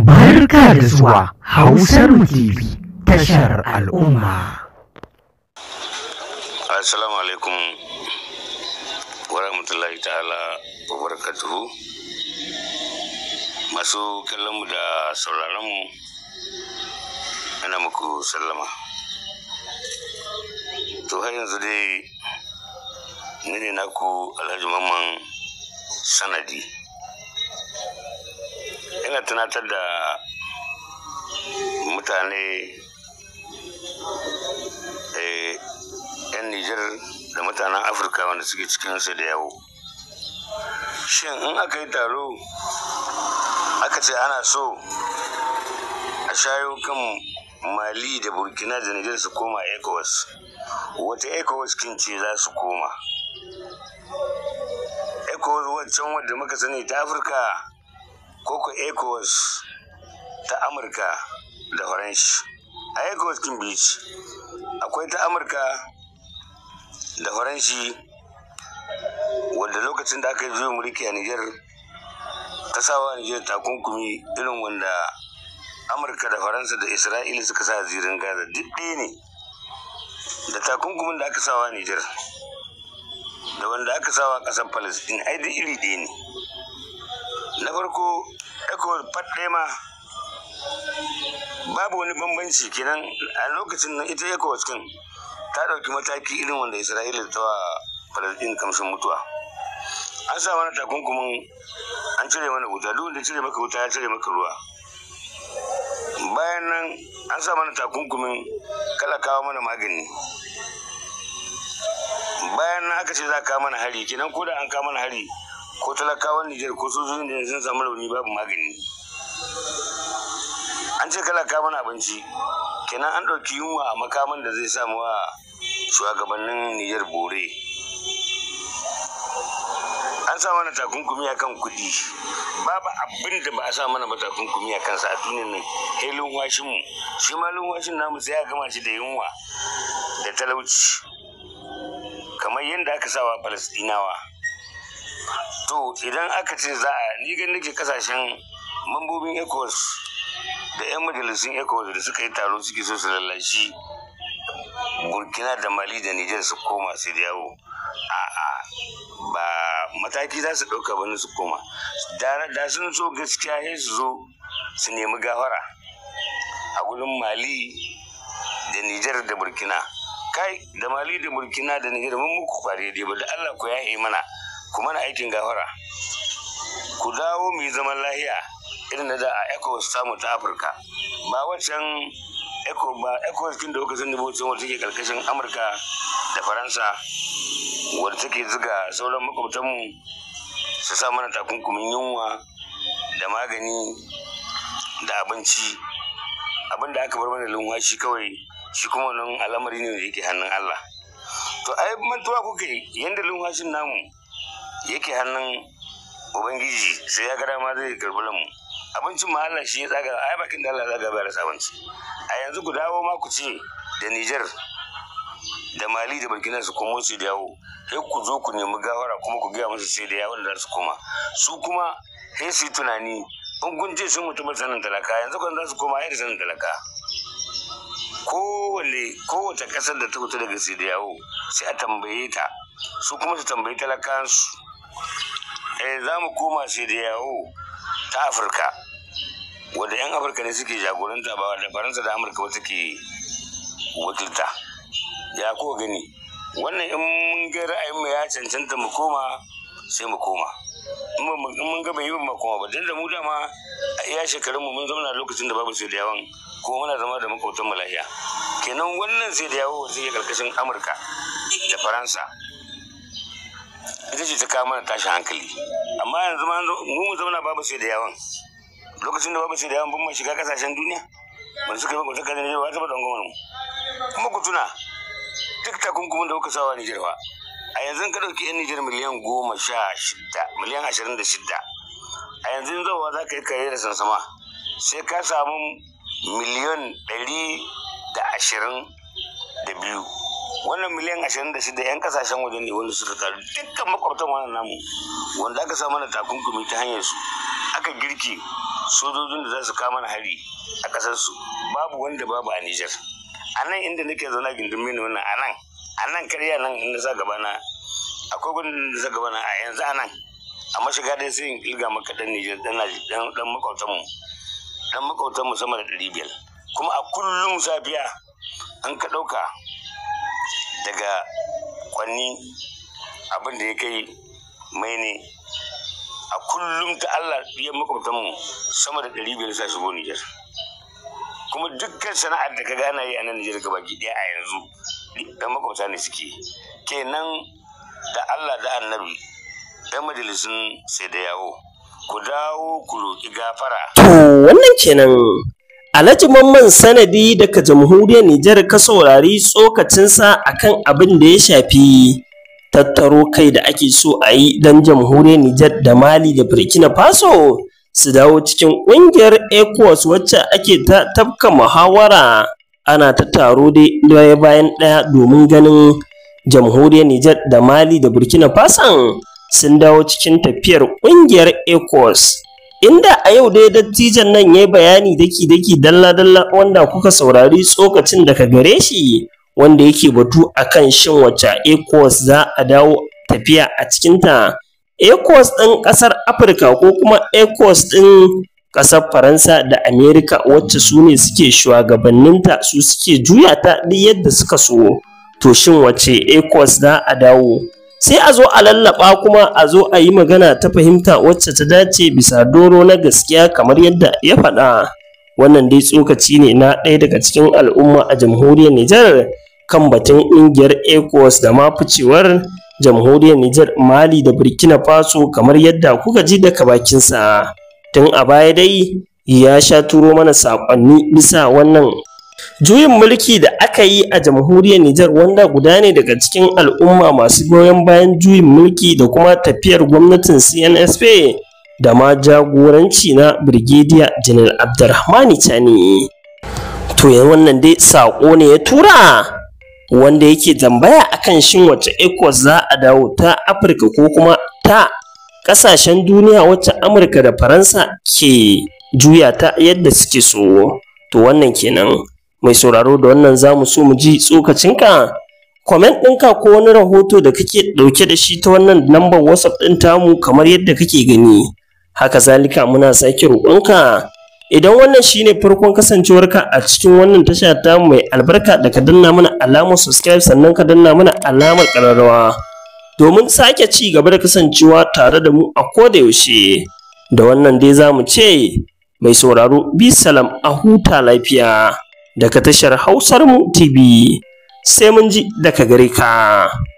Barka da zuwa Hausar TV tashar al'umma. Assalamu alaikum wa rahmatullahi ta'ala wa barakatuhu. Masu kallonmu da sauraronmu ana muku sallama. To har yanzu dai ni ne naku Alhaji Mamman Sanadi. ina tunatar da mutane eh, yan nijar da mutanen afirka wanda suke cikinsu da yawo shin in aka yi taro aka ce ana so a shayo kan mali da burkina da nijar su koma ecowas wata ecowas kin ce za su koma ecowas wancan wadda muka sani ta afirka koko ecos ta amurka da french a ecos kin beach akwai ta amurka da french wanda lokacin da aka yi juyin mulki a niger ta sawa niger takunkumi irin wanda amurka da faransa da isra'ila suka sa zirin gaza duk ɗaya ne da takunkumin da aka sawa niger da wanda aka sawa ƙasar palestine ai da iri ɗaya ne na farko Eko, faɗɗe ma babu wani bambanci kenan a lokacin nan ita ecowas cikin ta ɗauki mataki irin wanda isra'ila ta wa falasɗin kamshin mutuwa an sa mana takunkumin an cire mana wuta duk wanda cire maka wuta ya cire maka ruwa bayan nan an sa mana takunkumin kala kawo mana magani bayan nan aka ce za ka mana hari kenan ko da an kawo mana hari ko talakawan Nijar ko sojojin da sun samu rauni babu magani an ce kala mana abinci kenan an ɗauki yunwa a makaman da zai samu wa shugabannin Nijar bore an sa mana takunkumi a kan kuɗi babu abin da ba a sa mana ba takunkumi a kansa a duniyar nan helin washin mu shi ma washin namu sai a gama shi da yunwa da talauci kamar yadda aka sawa falastinawa to idan aka ce za a ni ganin nake kasashen mambobin Ecos da 'yan majalisun Ecos da suka yi taro suke so su lallashi burkina da mali da niger su koma su yawo a'a ba mataki za su ɗauka ba su koma da sun so gaskiya ya su zo su nemi gafara a gudun mali da niger da burkina kai da mali da burkina da niger mun muku kware dai ba da allah ku ya mana kuma na aikin gafara ku dawo mu yi zaman lahiya irin da a ecowas samu ta afirka ba waccan ecowas cikin da kuka sani bocin wata take karkashin amurka da faransa wadda take zuga sauran makwabtanmu su sa mana takunkumin yunwa da magani da abinci abinda aka bar mana shi kawai shi kuma nan al'amari ne da yake hannun allah to ai mantuwa kuke yadda lunwashin namu yake hannun ubangiji sai ya gara ma zai karbi mu abincin mahalla shi ya tsaga ai bakin da Allah zaga bayar abinci a yanzu ku dawo ma ku ce da Niger da Mali da Burkina su komo su dawo sai ku zo ku nemi gawara kuma ku gaya musu sai da yawon da su koma su kuma sai su yi tunani in kun ce sun mutu sanin talaka yanzu kan za su koma ai da sanin talaka kowane kowace kasar da ta fito daga sai da yawo sai a tambaye ta su kuma su tambayi talakansu Eh, za mu koma sai da yawo ta afirka wadda 'yan afirka ne suke jagoranta ba da faransa da amurka wata ke wakilta ya ko gani wannan in mun ga mu ya cancanta mu koma sai mu koma in mun ga bai yi ba koma ba dan da mu dama a iya shekarunmu mun zauna lokacin da babu sai da yawan kuma muna zama da makwabtan malahiya kenan wannan sai da yawo ya karkashin amurka da faransa ita ce ta kawo mana tashin hankali amma yanzu ma mu mu zauna babu sai da yawan lokacin da babu sai da yawan bin shiga kasashen duniya mun suka yi makwata kan Nijar ta bada gwamnan mu kuma ku tuna duk takunkumin da kuka sawa Nijar ba a yanzu ka dauki 'yan Nijar miliyan goma sha shida miliyan ashirin da shida a yanzu yin wa za ka yi kare da sansama sai ka samu miliyan ɗari da ashirin da biyu wannan miliyan ashirin da shida yan kasashen waje ne wanda suka karu dukkan makwabtan wannan namu wanda aka samu na takunkumi ta hanyar su aka girki sojojin da za su kama na hari a kasar su babu wanda babu a Nijar a nan inda nake zana gindin mini wannan a nan a nan karya nan inda za gaba na akwai gudun da za gaba na a yanzu a nan a mashiga dai sai in ilga maka dan Nijar dan makwabtan mu dan makwabtan mu sama da ɗari biyar. kuma a kullum safiya an ka ɗauka daga kwanni abin da ya kai mai ne a kullum ta Allah ya makwabtan mu sama da ɗari biyar sa shigo Nijar kuma dukkan sana'ar da ka gana yi a nan Nijar gaba ki a yanzu da makwabta ne suke kenan da Allah da annabi ɗan majalisun sai da yawo ku dawo ku roƙi gafara to wannan kenan Alhaji Mamman Sanadi daga Jamhuriyar Nijar ka saurari tsokacinsa akan abin da ya shafi tattaro kai da ake so a yi don Jamhuriyar Nijar da Mali da Burkina Faso su dawo cikin ƙungiyar ECOWAS wacce ake ta tafka muhawara ana ta taro dai ɗaya bayan ɗaya domin ganin Jamhuriyar Nijar da Mali da Burkina Faso sun dawo cikin tafiyar ƙungiyar ECOWAS. inda a yau dai dattijan nan ya yi bayani daki-daki dalla-dalla wanda kuka saurari tsokacin daga gare shi wanda yake batu a kan shin wacce ecos za a dawo tafiya a cikinta ecos ɗin ƙasar afirka ko kuma ecos ɗin ƙasar faransa da amerika wacce su ne suke shugabanninta su suke juya ta duk yadda suka so to shin wacce ecos za a dawo sai a zo a lallaba kuma a zo a yi magana ta fahimta wacce ta dace bisa doro na gaskiya kamar yadda ya faɗa wannan dai tsokaci ne na ɗaya daga cikin al'umma a jamhuriyar Nijar kan batun ƙungiyar ECOWAS da ma ficewar jamhuriyar Nijar Mali da Burkina Faso kamar yadda kuka ji daga bakinsa tun a baya dai ya sha turo mana saƙonni bisa wannan Juyin mulki da aka yi a jamhuriyar Nijar wanda guda ne daga cikin al'umma masu goyon bayan juyin mulki da kuma tafiyar gwamnatin CNSP da ma jagoranci na Birgediya Janar Abdurrahmani Chani. To wannan dai sako ne ya tura wanda yake zambaya akan shin wacce ECOWAS za a dawo ta Afirka ko kuma ta ƙasashen duniya wacce Amurka da Faransa ke juya ta yadda suke so. To wannan kenan. mai sauraro da wannan za mu so mu ji tsokacinka comment ɗinka ko wani rahoto da kake ɗauke da shi ta wannan lambar whatsapp ɗin tamu kamar yadda kake gani haka zalika muna sake roƙonka idan wannan shine farkon kasancewarka a cikin wannan tasha ta mai albarka da ka danna mana alamar subscribe sannan ka danna mana alamar ƙararrawa domin sake ci gaba da kasancewa tare da mu a koda yaushe da wannan dai za mu ce mai sauraro bisalam a huta lafiya daga tashar Hausar mu TV. Sai mun ji daga gare ka.